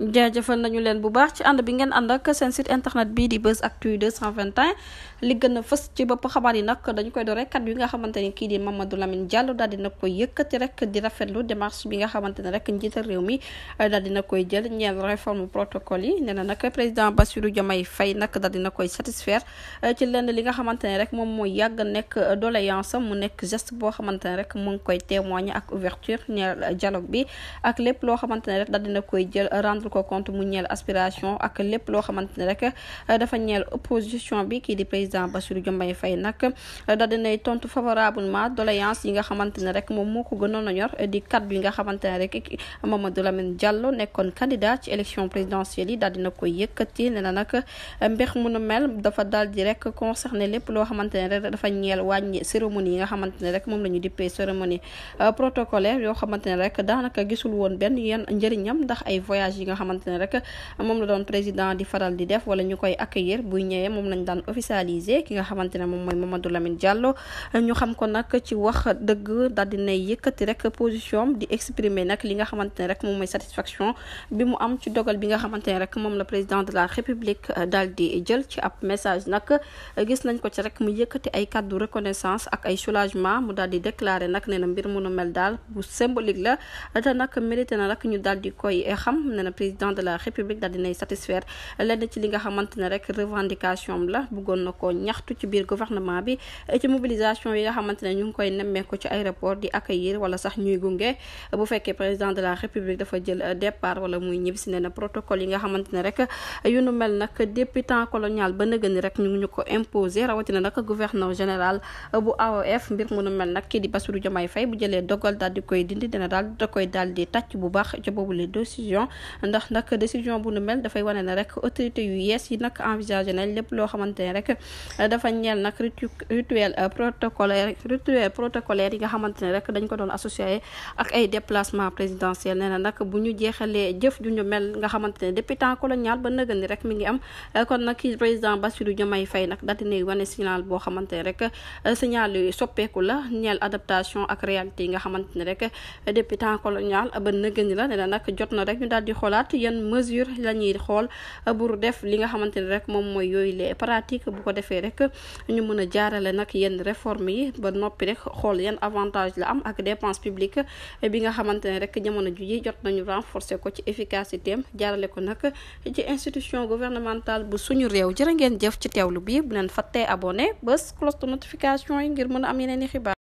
jaajëfal nañu leen bu baax ci ànd bi ngeen ànd ak seen site internet bii di bës Buzz Actu 221 li gën a fës ci bopp xabaar yi nag dañu koy doore kat yi nga xamante ni kii di Mamadou Lamine Diallo daal dina koy yëkkati rek di rafetlu démarche bi nga xamante ne rek njiital réew mi euh, daal dina koy jël ñeel réforme protocole yi nee na nag président Bassirou Diomaye Faye nag daal dina koy satisfaire euh, ci lenn li nga xamante ne rek moom mooy yàgg nekk doléance mu nekk geste boo xamante ne rek mu ngi koy témoigner ak ouverture ñeel bi ak lépp loo xamante ne rek daal dina koy jël rendre ko compte mu ñeel aspiration ak lépp loo xamante rek dafa ñeel a ñor wàññi cérémonie yi nga xamante rek moom la ñu dippee cérémonie euh, protocolaire yoo xamante ne rek daanaka gisul woon benn yenn njëriñam ndax ay voyage yi nga xamante ne rek moom la doon président di faral di def wala ñu koy accueillir buy ñëwee moom lañ daan officialiser ki nga xamante ne moom mooy Mamadou Lamine Diallo ñu xam ko nag yëkkati rek position di exprimer nag li nga xamante ne rek moom mooy satisfaction bi mu am ci dogal bi nga xamante ne rek moom la président de la république euh, daal di jël ci ab message nag euh, gis nañ ko ci rek mu yëkkati ay kàddu reconnaissance ak ay soulagement mu daal di déclarer nag nee na mbir mu nu mel daal bu symbolique la te nag mérité na ñu daal di koy euh, xam nee président de la république daal dinay satisfaire lenn ci li nga xamante ne rek revendication la bëggoon na ko ñaxtu ci biir gouvernement bi ci mobilisation yi nga xamante ne ñu ngi koy nemmeeku ci aéroport di accueillir wala sax ñuy gunge bu fekkee président de la république dafa jël départ wala muy ñibbi si protocole yi nga xamante ne rek yu nu mel nag depuis temps colonial ba nëgë ni rek ñu ngi ñu ko imposé rawatina nag gouverneur général bu AOF mbir ndax nag décision bu nu mel dafay wane ne rek autorité yu yees yi nag envisagé nañ lépp loo xamante ne rek dafa ñeel nag rituel euh, protocolaire rituel protocolaire yi nga xamante ne rek dañ ko doon associé ak ay déplacement présidentiel ne na nag bu ñu jeexalee jëf ju ñu mel nga xamante ne depuis temps colonial ba nëgën ni rek mi ngi am euh, kon nag kii président Bassirou Diomaye Faye nag daal dinay wane signal boo xamante ne rek euh, signal yu soppeeku la ñeel adaptation ak réalité yi nga xamante ne rek depuis temps colonial ba nëgën ni xoolaat yan mesure la ñuy xool pour def li nga xamante ne rek moom mooy yooyu les pratiques bu ko defee rek ñu mën a jaarale nag yenn réforme yi ba noppi rek xool yan avantage la am ak dépense publique bi nga xamante ne rek jamono ji jot nañu renforcer ko ci efficacité jaarale ko nag ci institution gouvernementale bu suñu réew jërë ngeen jëf ci teewlu bi bu leen fàttee abonné bés cloche de notification yi ngir mën a am yeneen xibaar